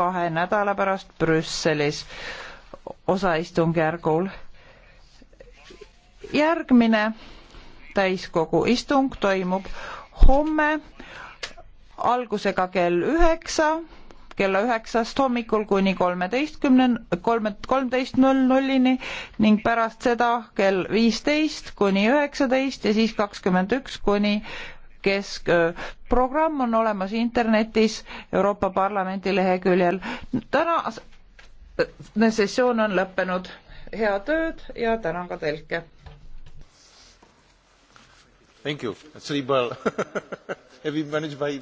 kahe nädala pärast Brüsselis osaistungjärgul. järgmine täiskogu istung toimub homme algusega kell üheksa, kella üheksast hommikul kuni kolmeteistkümne, kolme, kolmteist null nullini ning pärast seda kell viisteist kuni üheksateist ja siis kakskümmend üks kuni keskprogramm on olemas internetis Euroopa Parlamendi leheküljel. tänane sessioon on lõppenud. head ööd ja tänan ka tõlke. Thank you. That's really well. Have you managed by